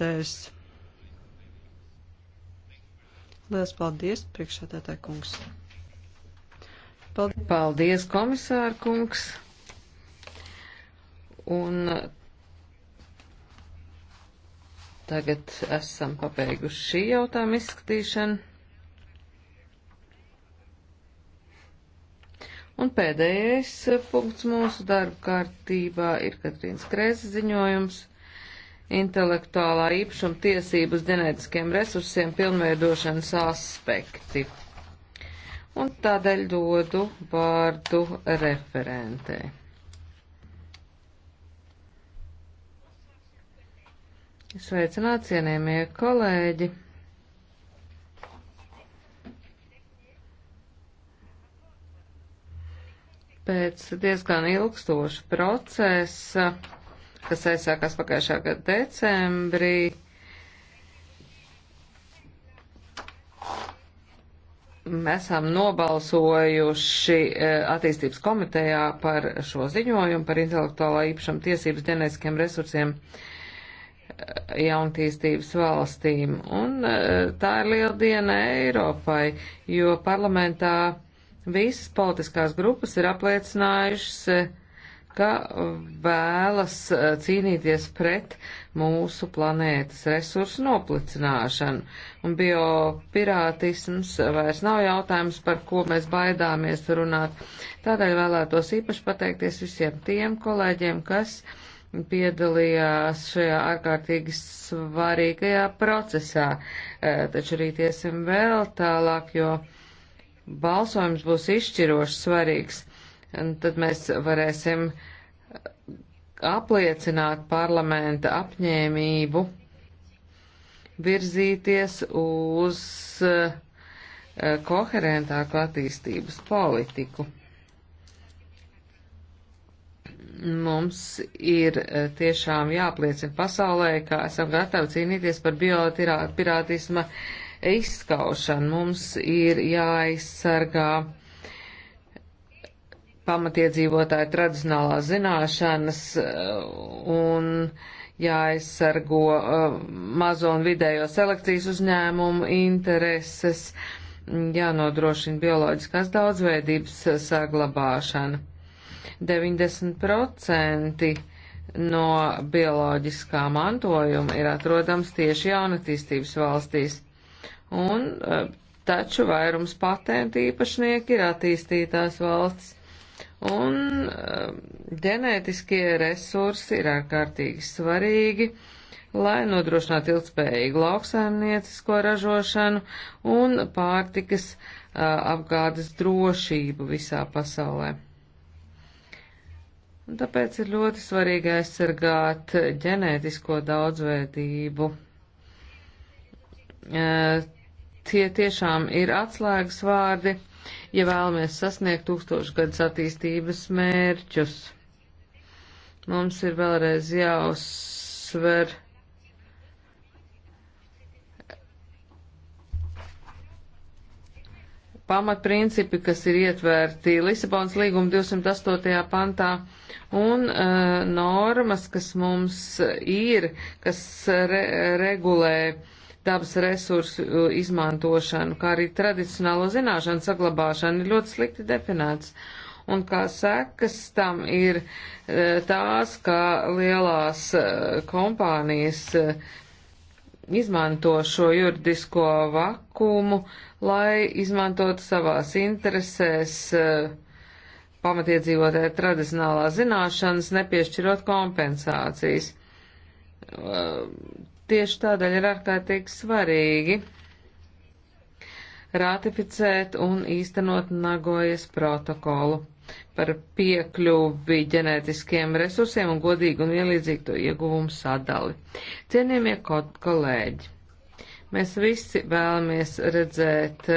Tērs. Lielas paldies, priekšsēdētāji kungs. Paldies, paldies komisāra kungs. Un tagad esam pabeiguši šī jautājuma izskatīšanu. Un pēdējais punkts mūsu darba kārtībā ir Katrīnas Krēzes ziņojums intelektuālā īpašuma tiesības ģenētiskiem resursiem pilnveidošanas aspekti. Un tādēļ dodu vārdu referentē. Sveicināt, cienījamie kolēģi! Pēc diezgan ilgstoša procesa kas aizsākās pagājušā gada decembrī. Esam nobalsojuši eh, attīstības komitejā par šo ziņojumu par intelektuālā īpašuma tiesības ģenētiskiem resursiem eh, jauntīstības valstīm. Un eh, tā ir liela diena Eiropai, jo parlamentā visas politiskās grupas ir apliecinājušas ka uh, vēlas uh, cīnīties pret mūsu planētas resursu noplicināšanu. Un biopirātisms vairs nav jautājums, par ko mēs baidāmies runāt. Tādēļ vēlētos īpaši pateikties visiem tiem kolēģiem, kas piedalījās šajā ārkārtīgi svarīgajā procesā. Uh, taču arī tiesim vēl tālāk, jo balsojums būs izšķiroši svarīgs un tad mēs varēsim apliecināt parlamenta apņēmību virzīties uz eh, koherentāku attīstības politiku. Mums ir eh, tiešām jāpliecina pasaulē, ka esam gatavi cīnīties par biopirātisma izskaušanu. Mums ir jāaizsargā pamatiedzīvotāju tradicionālās zināšanas eh, un jāaizsargo eh, mazo un vidējo selekcijas uzņēmumu intereses, jānodrošina bioloģiskās daudzveidības eh, saglabāšana. 90% no bioloģiskā mantojuma ir atrodams tieši jaunatīstības valstīs. Un taču vairums patentu īpašnieki ir attīstītās valsts Un uh, ģenētiskie resursi ir ārkārtīgi svarīgi, lai nodrošinātu ilgspējīgu lauksaimniecisko ražošanu un pārtikas uh, apgādes drošību visā pasaulē. Un tāpēc ir ļoti svarīgi aizsargāt ģenētisko daudzveidību. E, tie tiešām ir atslēgas vārdi, ja vēlamies sasniegt tūkstošgadus attīstības mērķus. Mums ir vēlreiz jāuzsver. pamatprincipi, kas ir ietverti Lisabonas līguma 208. pantā, un uh, normas, kas mums ir, kas re regulē uh, dabas resursu uh, izmantošanu, kā arī tradicionālo zināšanu saglabāšanu ir ļoti slikti definēts. Un kā sekas tam ir uh, tās, ka lielās uh, kompānijas izmanto šo juridisko vakumu, lai izmantotu savās interesēs pamatiedzīvotāja tradicionālās zināšanas, nepiešķirot kompensācijas Tieši tādēļ ir ārkārtīgi svarīgi ratificēt un īstenot Nagojas protokolu par piekļuvi ģenētiskiem resursiem un godīgu un vienlīdzīgu to ieguvumu sadali. Cienījamie kolēģi, mēs visi vēlamies redzēt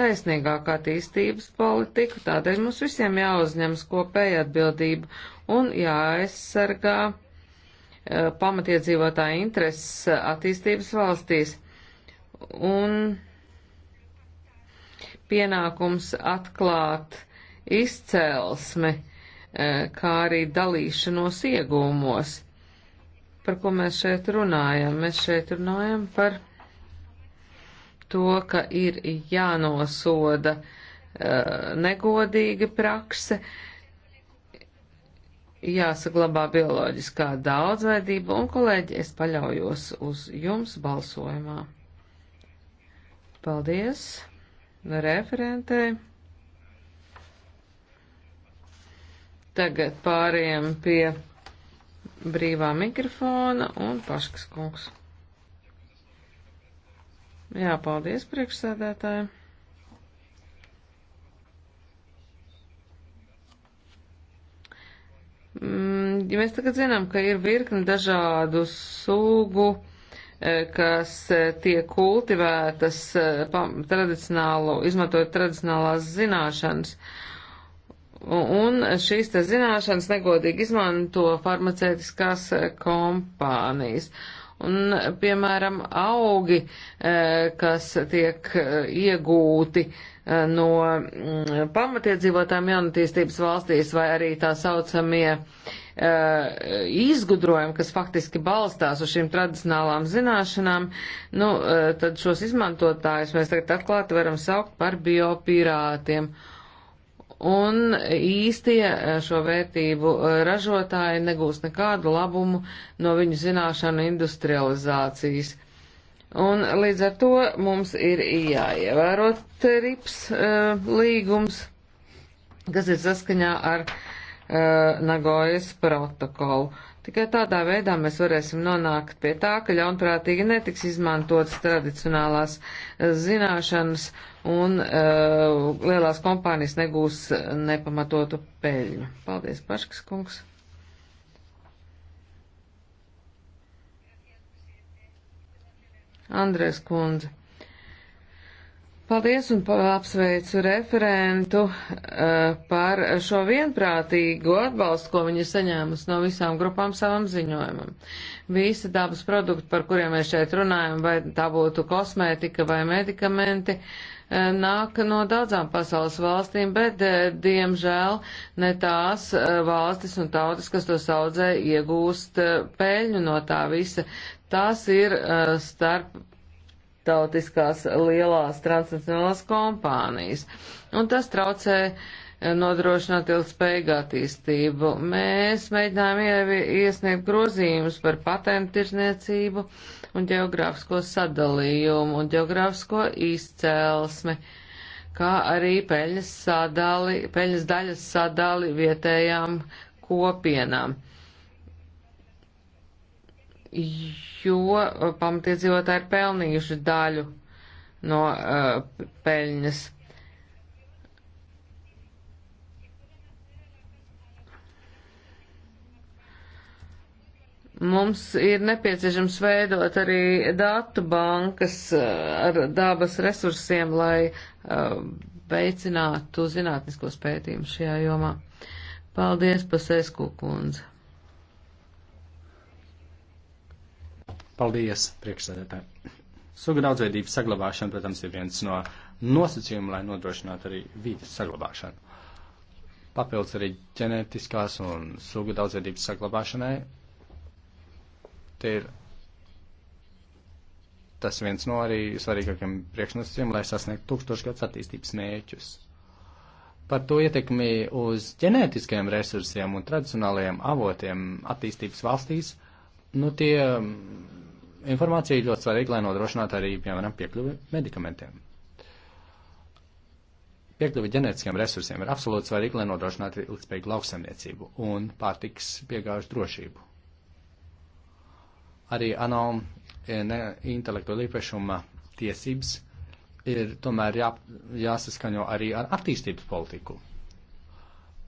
taisnīgāku attīstības politiku, tādēļ mums visiem jāuzņems kopēja atbildība un jāaizsargā Eh, pamatiedzīvotāja intereses attīstības valstīs un pienākums atklāt izcelsmi, eh, kā arī dalīšanos iegūmos. Par ko mēs šeit runājam? Mēs šeit runājam par to, ka ir jānosoda eh, negodīga prakse, uh, jāsaglabā bioloģiskā daudzveidība, un, kolēģi, es paļaujos uz jums balsojumā. Paldies referentei. Tagad pāriem pie brīvā mikrofona un paškas kungs. Jā, paldies priekšsēdētājiem. Mm, ja mēs tagad zinām, ka ir virkni dažādu sugu, e, kas e, tiek kultivētas e, tradicionālo, izmantojot tradicionālās zināšanas, un šīs te zināšanas negodīgi izmanto farmacētiskās kompānijas. Un, piemēram, augi, kas tiek iegūti no mm, pamatiedzīvotām jaunatīstības valstīs vai arī tā saucamie eh, izgudrojumi, kas faktiski balstās uz šīm tradicionālām zināšanām, nu, eh, tad šos izmantotājus mēs tagad atklāti varam saukt par biopirātiem. Un īstie eh, šo vērtību ražotāji negūs nekādu labumu no viņu zināšanu industrializācijas. Un līdz ar to mums ir jāievēro trips uh, līgums, kas ir saskaņā ar uh, Nagojas protokolu. Tikai tādā veidā mēs varēsim nonākt pie tā, ka ļaunprātīgi netiks izmantotas tradicionālās uh, zināšanas un uh, lielās kompānijas negūs nepamatotu peļņu. Paldies, Paškas kungs! Andrēs Kundze. Paldies un apsveicu referentu uh, par šo vienprātīgo atbalstu, ko viņi ir saņēmusi no visām grupām savam ziņojumam. Visi dabas produkti, par kuriem mēs šeit runājam, vai tā būtu kosmētika vai medikamenti, uh, nāk no daudzām pasaules valstīm, bet, uh, diemžēl, ne tās valstis un tautas, kas to saudzē, iegūst peļņu no tā visa. Tās ir starp starptautiskās lielās transnacionālās kompānijas. Un tas traucē eh, nodrošināt ilgspējīgu attīstību. Mēs mēģinājām iesniegt grozījumus par patentirdzniecību un geogrāfisko sadalījumu un geogrāfisko izcelsmi, kā arī peļņas, sadali, peļņas daļas sadali vietējām kopienām jo uh, pamatiedzīvotāji ir pelnījuši daļu no uh, peļņas. Mums ir nepieciešams veidot arī datu bankas uh, ar dabas resursiem, lai uh, veicinātu zinātniskos pētījumus šajā jomā. Paldies, Pasēsku kundze! Paldies, priekšsēdētāji. Suga daudzveidības saglabāšana, protams, ir viens no nosacījumiem, lai nodrošinātu arī vīdes saglabāšanu. Papildus arī ģenētiskās un suga daudzveidības saglabāšanai. Te ir tas viens no arī svarīgākiem priekšnosacījumiem, lai sasniegtu tūkstošgads attīstības mērķus. Par to ietekmi uz ģenētiskajiem resursiem un tradicionālajiem avotiem attīstības valstīs, nu tie informācija ir ļoti svarīga, lai nodrošinātu arī, piemēram, piekļuvi medikamentiem. Piekļuvi ģenētiskiem resursiem ir absolūti svarīgi, lai nodrošinātu ilgspējīgu lauksaimniecību un pārtiks piegāžu drošību. Arī ANO intelektuāla īpašuma tiesības ir tomēr jā, jāsaskaņo arī ar attīstības politiku.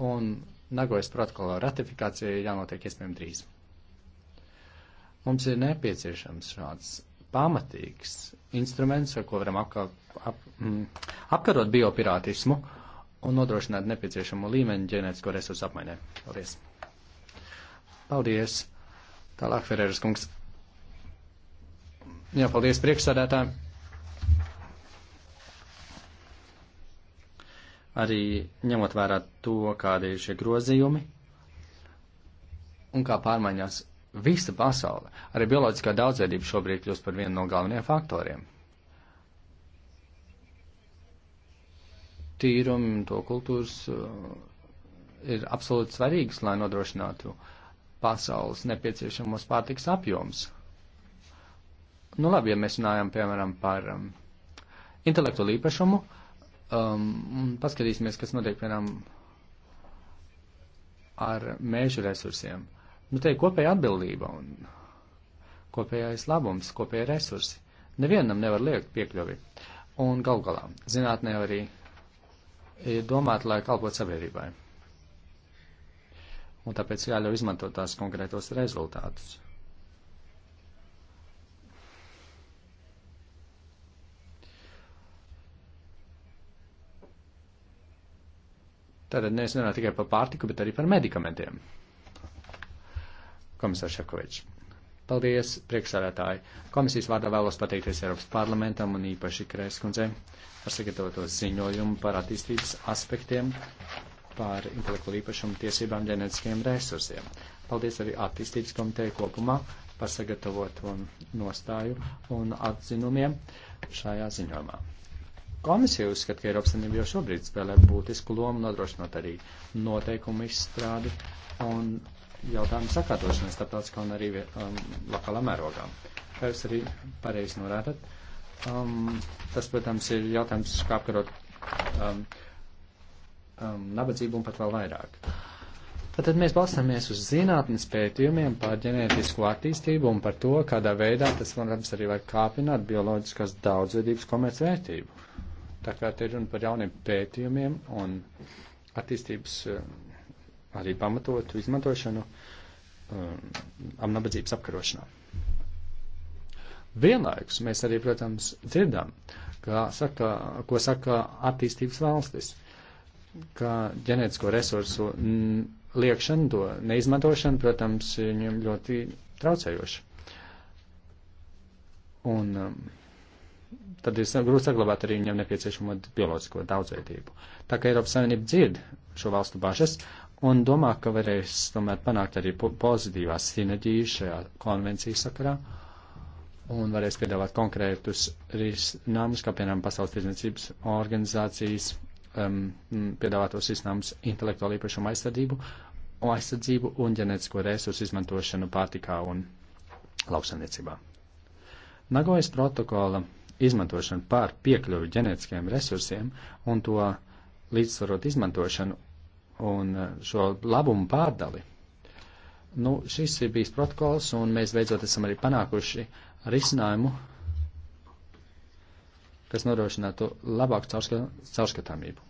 Un Nagojas protokola ratifikācija jānotiek iespējami drīz. Mums ir nepieciešams šāds pamatīgs instruments, ar ko varam apkal, ap, mm, apkarot biopirātismu un nodrošināt nepieciešamo līmeni ģenētisko resursu apmaiņai. Paldies! Paldies! Tālāk, Ferēras kungs. Jā, paldies priekšsādātājiem. Arī ņemot vērā to, kādi ir šie grozījumi un kā pārmaiņās visa pasaule. Arī bioloģiskā daudzveidība šobrīd kļūst par vienu no galvenajiem faktoriem. Tīrumu, to kultūras uh, ir absolūti svarīgs, lai nodrošinātu pasaules nepieciešamos pārtiks apjoms. Nu labi, ja mēs runājam, piemēram, par um, intelektuālu īpašumu, um, un paskatīsimies, kas notiek, piemēram, ar mēžu resursiem. Nu, te ir kopēja atbildība un kopējais labums, kopēja resursi. Nevienam nevar liekt piekļuvi. Un gal galā, zinātnē arī ir domāta, lai kalpot sabiedrībai. Un tāpēc jāļauj izmantot tās konkrētos rezultātus. Tātad nevis runā tikai par pārtiku, bet arī par medikamentiem komisārs Šakovičs. Paldies, priekšsādātāji. Komisijas vārdā vēlos pateikties Eiropas parlamentam un īpaši Kreiskundzei par sagatavoto ziņojumu par attīstības aspektiem par intelektuālu īpašumu tiesībām ģenētiskajiem resursiem. Paldies arī attīstības komiteju kopumā par sagatavotu nostāju un atzinumiem šajā ziņojumā. Komisija uzskata, ka Eiropas Savienība jau šobrīd spēlē būtisku lomu nodrošinot arī noteikumu izstrādi un jautājumu sakārtošanai starptautiskā un arī um, lokālā mērogā. Kā jūs arī pareizi norādat, um, tas, protams, ir jautājums, kā apkarot um, um, nabadzību un pat vēl vairāk. Tad mēs balstāmies uz zinātnes pētījumiem par ģenētisko attīstību un par to, kādā veidā tas, protams, arī var kāpināt bioloģiskās daudzveidības komercvērtību. Tā kā te runa par jauniem pētījumiem un attīstības eh, arī pamatotu izmantošanu um, nabadzības apkarošanā. Vienlaikus mēs arī, protams, dzirdam, saka, ko saka attīstības valstis, ka ģenētisko resursu liekšana, to neizmantošana, protams, viņam ļoti traucējoša. Un um, tad ir grūti saglabāt arī viņam nepieciešamo bioloģisko daudzveidību. Tā kā Eiropas Savienība dzird šo valstu bažas un domā, ka varēs tomēr panākt arī pozitīvās sinerģijas šajā konvencijas sakarā un varēs piedāvāt konkrētus risinājumus, kā piemēram Pasaules tirdzniecības organizācijas um, piedāvātos risinājumus intelektuālu īpašumu aizsardzību, aizsardzību un ģenētisko resursu izmantošanu pārtikā un lauksaimniecībā. Nagojas protokola izmantošanu pār piekļuvi ģenētiskiem resursiem un to līdzsvarot izmantošanu un eh, šo labumu pārdali. Nu, šis ir bijis protokols, un mēs beidzot esam arī panākuši risinājumu, kas nodrošinātu labāku caurskatāmību. Caurskat,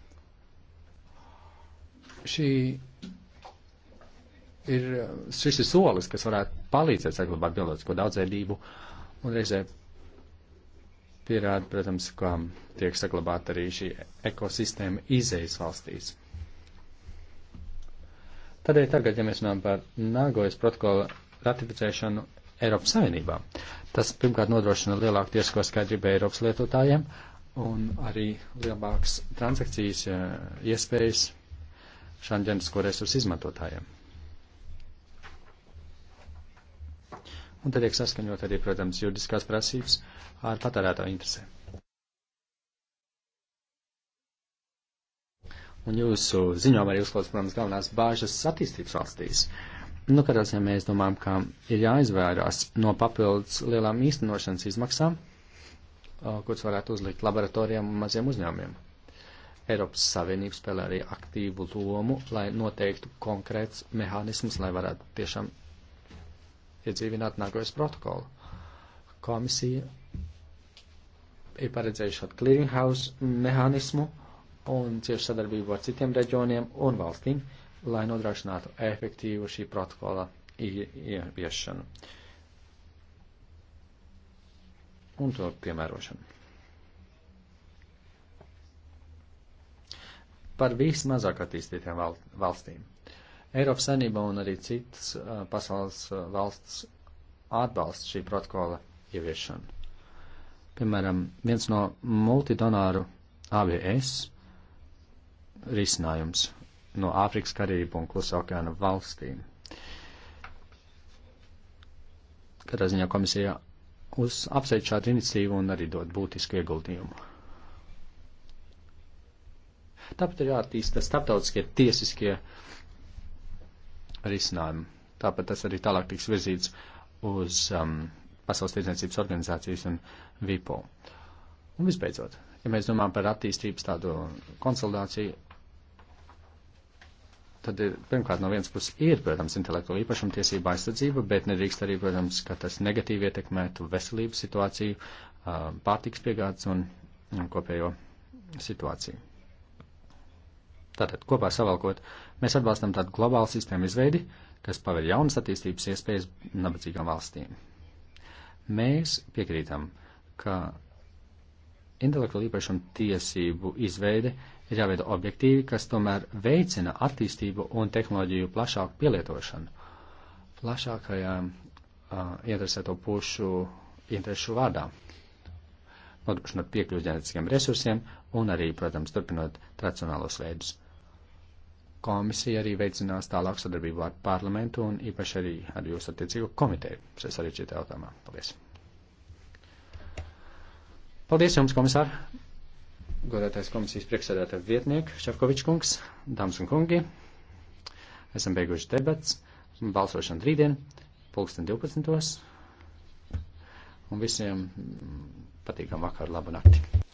Šī ir, šis ir solis, kas varētu palīdzēt saglabāt bioloģisko daudzveidību un reizē pierāda, protams, ka tiek saglabāta arī šī ekosistēma izejas valstīs. Tādēļ tagad, ja mēs runājam par Nāgojas protokola ratificēšanu Eiropas Savienībā, tas pirmkārt nodrošina lielāku tiesisko skaidrību Eiropas lietotājiem un arī lielākas transakcijas iespējas šāņģenisko resursu izmantotājiem. un tad tiek saskaņot arī, protams, juridiskās prasības ar patērētāju interesēm. Un jūsu ziņām arī uzklausīt, protams, galvenās bāžas attīstības valstīs. Nu, katrā ziņā ja mēs domājam, ka ir jāizvairās no papildus lielām īstenošanas izmaksām, kuras varētu uzlikt laboratorijām un maziem uzņēmumiem. Eiropas Savienība spēlē arī aktīvu lomu, lai noteiktu konkrēts mehānismus, lai varētu tiešām iedzīvināt Nagojas protokolu. Komisija ir paredzējuši šādu clearinghouse mehānismu un ciešu sadarbību ar citiem reģioniem un valstīm, lai nodrošinātu efektīvu šī protokola ieviešanu un to piemērošanu. Par vismazāk attīstītiem valstīm Eiropas Savienība un arī citas pasaules valsts atbalsta šī protokola ieviešanu. Piemēram, viens no multidonoru ABS risinājums no Āfrikas Karību un Klusa okeāna valstīm. Katrā ziņā komisija uz apsveic šādu iniciatīvu un arī dod būtisku ieguldījumu. Tāpat ir jātīsta starptautiskie tiesiskie uh, risinājumu. Tāpat tas arī tālāk tiks virzīts uz um, Pasaules tirdzniecības organizācijas un VIPO. Un visbeidzot, ja mēs domājam par attīstības tādu konsolidāciju, tad ir, eh, pirmkārt no vienas puses ir, protams, intelektuāla īpašuma tiesība aizsardzība, bet nedrīkst arī, protams, ka tas negatīvi ietekmētu veselības situāciju, um, pārtiks piegādes un kopējo situāciju. Tātad, kopā savalkot, mēs atbalstam tādu globālu sistēmu izveidi, kas paver jaunas attīstības iespējas nabadzīgām valstīm. Mēs piekrītam, ka intelektuāla īpašuma tiesību izveide ir jāveido objektīvi, kas tomēr veicina attīstību un tehnoloģiju plašāku pielietošanu, plašākajā uh, interesēto pušu interesu vārdā, nodrošinot piekļuvi ģenētiskiem resursiem un arī, protams, turpinot tradicionālos veidus komisija arī veicinās tālāku sadarbību ar parlamentu un īpaši arī ar jūsu attiecīgo komiteju šajā sarežģītā jautājumā. Paldies! Paldies jums, komisār! Godātais komisijas priekšsēdētāja vietnieks Šefkovičs kungs, dāmas un kungi, esam beiguši debats, balsošana rītdien, pulksten 12. un visiem patīkam vakar, labu nakti!